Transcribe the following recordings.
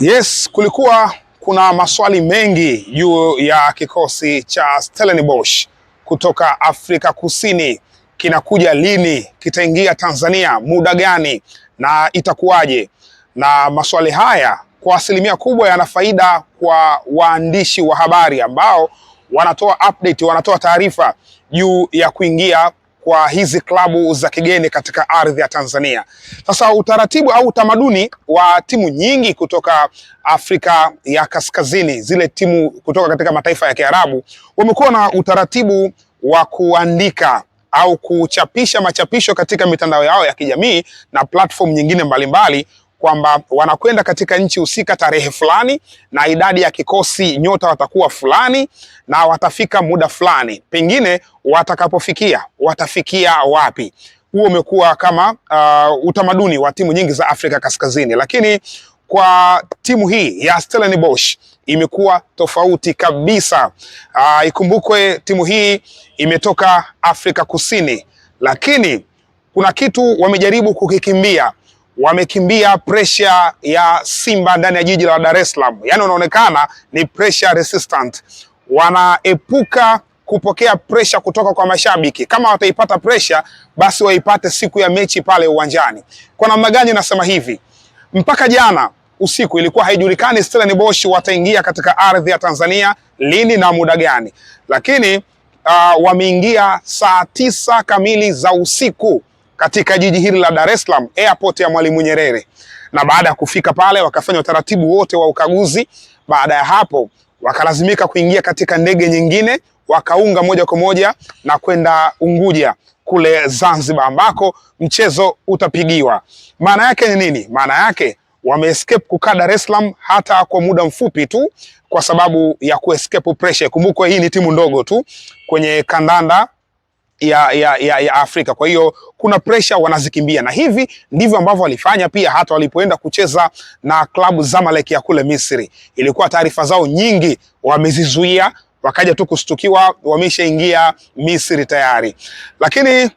Yes, kulikuwa kuna maswali mengi juu ya kikosi cha Stellenbosch kutoka Afrika Kusini. Kinakuja lini? Kitaingia Tanzania muda gani? Na itakuwaje? Na maswali haya kwa asilimia kubwa yana faida kwa waandishi wa habari ambao wanatoa update, wanatoa taarifa juu ya kuingia kwa hizi klabu za kigeni katika ardhi ya Tanzania. Sasa utaratibu au utamaduni wa timu nyingi kutoka Afrika ya Kaskazini, zile timu kutoka katika mataifa ya Kiarabu, wamekuwa na utaratibu wa kuandika au kuchapisha machapisho katika mitandao yao ya kijamii na platform nyingine mbalimbali mbali, kwamba wanakwenda katika nchi husika tarehe fulani, na idadi ya kikosi nyota watakuwa fulani na watafika muda fulani, pengine watakapofikia watafikia wapi. Huo umekuwa kama uh, utamaduni wa timu nyingi za Afrika Kaskazini, lakini kwa timu hii ya Stellenbosch imekuwa tofauti kabisa. Uh, ikumbukwe timu hii imetoka Afrika Kusini, lakini kuna kitu wamejaribu kukikimbia wamekimbia presha ya Simba ndani ya jiji la Dar es Salaam, yaani wanaonekana ni pressure resistant, wanaepuka kupokea presha kutoka kwa mashabiki. Kama wataipata presha, basi waipate siku ya mechi pale uwanjani. Kwa namna gani? Nasema hivi, mpaka jana usiku ilikuwa haijulikani Stellenbosch wataingia katika ardhi ya Tanzania lini na muda gani, lakini uh, wameingia saa tisa kamili za usiku katika jiji hili la Dar es Salaam, airport ya Mwalimu Nyerere. Na baada ya kufika pale, wakafanya utaratibu wote wa ukaguzi. Baada ya hapo, wakalazimika kuingia katika ndege nyingine, wakaunga moja kwa moja na kwenda Unguja kule Zanzibar, ambako mchezo utapigiwa. Maana yake ni nini? Maana yake wameescape kukaa Dar es Salaam hata kwa muda mfupi tu, kwa sababu ya kuescape pressure. Kumbukwe hii ni timu ndogo tu kwenye kandanda ya, ya, ya, ya Afrika. Kwa hiyo kuna pressure wanazikimbia, na hivi ndivyo ambavyo walifanya pia hata walipoenda kucheza na klabu Zamalek ya kule Misri. Ilikuwa taarifa zao nyingi wamezizuia, wakaja tu kushtukiwa wameshaingia Misri tayari. Lakini uh,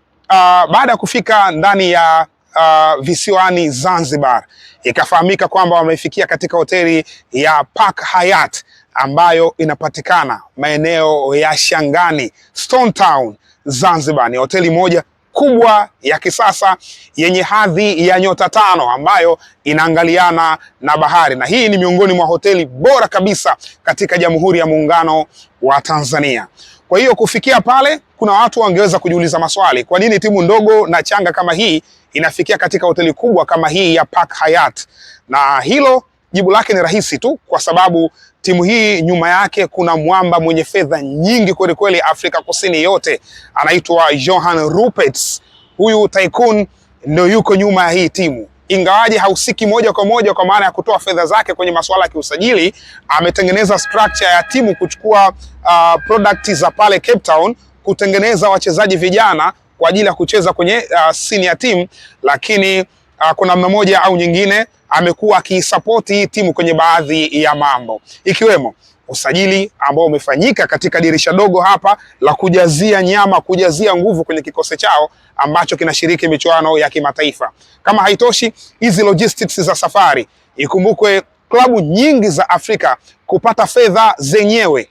baada ya kufika ndani ya Uh, visiwani Zanzibar ikafahamika kwamba wamefikia katika hoteli ya Park Hyatt ambayo inapatikana maeneo ya Shangani, Stone Town, Zanzibar. Ni hoteli moja kubwa ya kisasa yenye hadhi ya nyota tano ambayo inaangaliana na bahari, na hii ni miongoni mwa hoteli bora kabisa katika Jamhuri ya Muungano wa Tanzania. Kwa hiyo kufikia pale, kuna watu wangeweza kujiuliza maswali, kwa nini timu ndogo na changa kama hii inafikia katika hoteli kubwa kama hii ya Park Hyatt? Na hilo Jibu lake ni rahisi tu, kwa sababu timu hii nyuma yake kuna mwamba mwenye fedha nyingi kweli kweli Afrika Kusini yote, anaitwa Johan Rupert. Huyu tycoon ndio yuko nyuma ya hii timu, ingawaje hausiki moja kwa moja kwa maana ya kutoa fedha zake kwenye masuala ya kiusajili. Ametengeneza structure ya timu kuchukua uh, product za pale Cape Town, kutengeneza wachezaji vijana kwa ajili ya kucheza kwenye uh, senior team, lakini uh, kuna namna moja au nyingine amekuwa akiisapoti hii timu kwenye baadhi ya mambo ikiwemo usajili ambao umefanyika katika dirisha dogo hapa la kujazia nyama, kujazia nguvu kwenye kikosi chao ambacho kinashiriki michuano ya kimataifa. Kama haitoshi, hizi logistics za safari, ikumbukwe klabu nyingi za Afrika kupata fedha zenyewe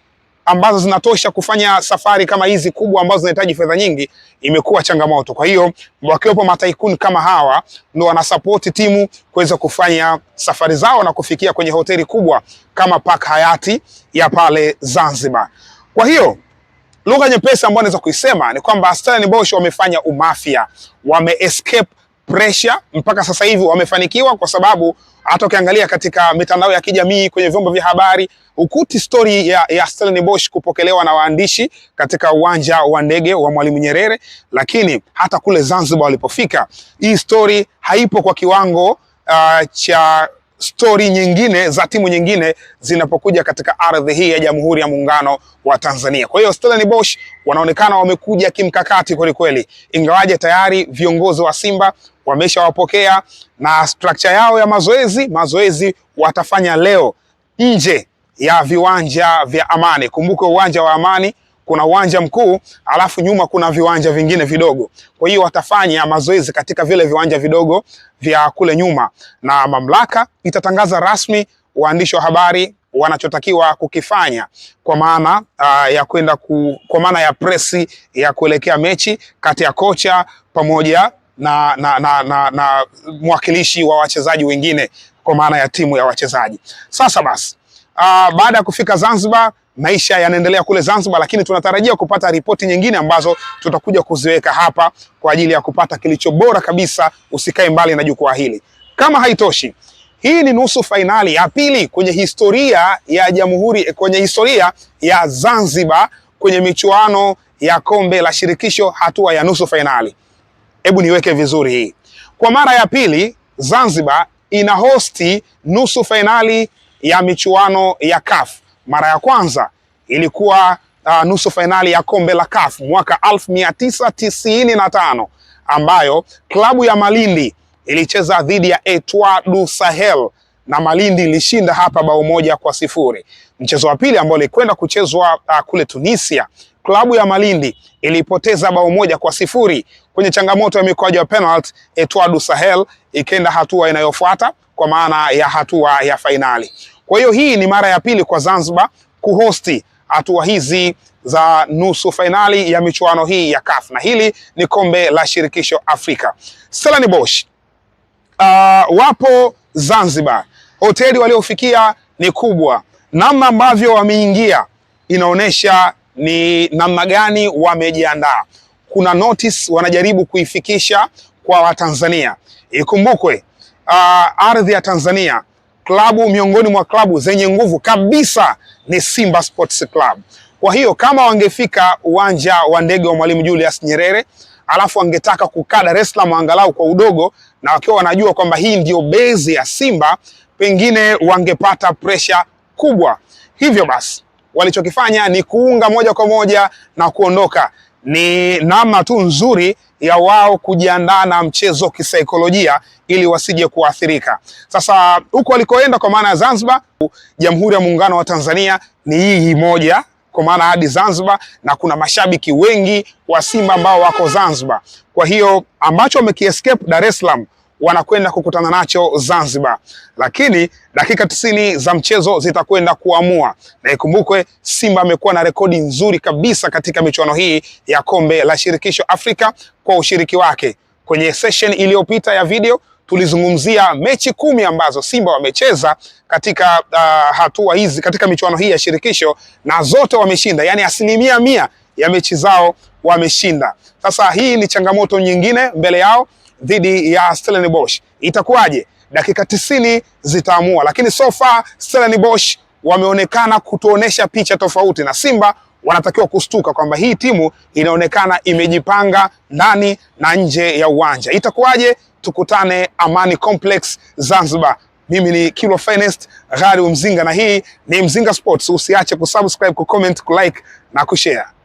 ambazo zinatosha kufanya safari kama hizi kubwa ambazo zinahitaji fedha nyingi imekuwa changamoto. Kwa hiyo wakiwepo mataikuni kama hawa ndio wanasapoti timu kuweza kufanya safari zao na kufikia kwenye hoteli kubwa kama Park Hayati ya pale Zanzibar. Kwa hiyo lugha nyepesi ambayo naweza kuisema ni kwamba Stellenbosch wamefanya umafia, wame escape pressure mpaka sasa hivi wamefanikiwa, kwa sababu hata ukiangalia katika mitandao ya kijamii, kwenye vyombo vya habari, ukuti stori ya, ya Stellenbosch kupokelewa na waandishi katika uwanja wa ndege wa Mwalimu Nyerere, lakini hata kule Zanzibar walipofika, hii stori haipo kwa kiwango uh, cha stori nyingine za timu nyingine zinapokuja katika ardhi hii ya Jamhuri ya Muungano wa Tanzania. Kwa hiyo Stellenbosch wanaonekana wamekuja kimkakati kwelikweli, ingawaje tayari viongozi wa Simba wameshawapokea na structure yao ya mazoezi, mazoezi watafanya leo nje ya viwanja vya Amani. Kumbuke uwanja wa Amani kuna uwanja mkuu alafu nyuma kuna viwanja vingine vidogo. Kwa hiyo watafanya mazoezi katika vile viwanja vidogo vya kule nyuma, na mamlaka itatangaza rasmi waandishi wa habari wanachotakiwa kukifanya kwa maana uh, ya kwenda ku, kwa maana ya presi ya kuelekea mechi kati ya kocha pamoja na, na, na, na, na mwakilishi wa wachezaji wengine kwa maana ya timu ya wachezaji. Sasa basi uh, baada ya kufika Zanzibar maisha yanaendelea kule Zanzibar, lakini tunatarajia kupata ripoti nyingine ambazo tutakuja kuziweka hapa kwa ajili ya kupata kilicho bora kabisa. Usikae mbali na jukwaa hili. Kama haitoshi, hii ni nusu fainali ya pili kwenye historia ya jamhuri, kwenye historia ya Zanzibar kwenye michuano ya kombe la shirikisho hatua ya nusu fainali. Hebu niweke vizuri hii. Kwa mara ya pili Zanzibar ina hosti nusu fainali ya michuano ya CAF. Mara ya kwanza ilikuwa uh, nusu fainali ya kombe la CAF mwaka 1995 ambayo klabu ya Malindi ilicheza dhidi ya Etoile du Sahel na Malindi ilishinda hapa bao moja kwa sifuri. Mchezo wa pili ambao ulikwenda kuchezwa uh, kule Tunisia, klabu ya Malindi ilipoteza bao moja kwa sifuri kwenye changamoto ya mikwaju ya penalty, Etwadu Sahel ikenda hatua inayofuata kwa maana ya hatua ya fainali. Kwa hiyo hii ni mara ya pili kwa Zanzibar kuhosti hatua hizi za nusu fainali ya michuano hii ya CAF na hili ni kombe la shirikisho Afrika. Stellenbosch uh, wapo Zanzibar, hoteli waliofikia ni kubwa, namna ambavyo wameingia inaonyesha ni namna gani wamejiandaa kuna notice wanajaribu kuifikisha kwa Watanzania. Ikumbukwe uh, ardhi ya Tanzania, klabu miongoni mwa klabu zenye nguvu kabisa ni Simba Sports Club. Kwa hiyo kama wangefika uwanja wa ndege wa Mwalimu Julius Nyerere alafu wangetaka kukaa Dar es Salaam angalau kwa udogo, na wakiwa wanajua kwamba hii ndio bezi ya Simba, pengine wangepata presha kubwa. Hivyo basi walichokifanya ni kuunga moja kwa moja na kuondoka ni namna tu nzuri ya wao kujiandaa na mchezo kisaikolojia ili wasije kuathirika. Sasa huko walikoenda kwa maana ya Zanzibar, Jamhuri ya Muungano wa Tanzania ni hii moja kwa maana hadi Zanzibar, na kuna mashabiki wengi wa Simba ambao wako Zanzibar. Kwa hiyo ambacho wamekiescape Dar es Salaam wanakwenda kukutana nacho Zanzibar, lakini dakika tisini za mchezo zitakwenda kuamua, na ikumbukwe Simba amekuwa na rekodi nzuri kabisa katika michuano hii ya kombe la shirikisho Afrika kwa ushiriki wake. Kwenye session iliyopita ya video tulizungumzia mechi kumi ambazo Simba wamecheza katika uh, hatua hizi katika michuano hii ya shirikisho na zote wameshinda, yaani asilimia mia ya mechi zao wameshinda. Sasa hii ni changamoto nyingine mbele yao dhidi ya Stellenbosch. Itakuwaje? Dakika tisini zitaamua, lakini so far Stellenbosch wameonekana kutuonesha picha tofauti, na Simba wanatakiwa kustuka kwamba hii timu inaonekana imejipanga ndani na nje ya uwanja. Itakuwaje? Tukutane Amani Complex Zanzibar. Mimi ni Kilo Finest Gharim Umzinga na hii ni Mzinga Sports. Usiache kusubscribe, kucomment, kulike na kushare.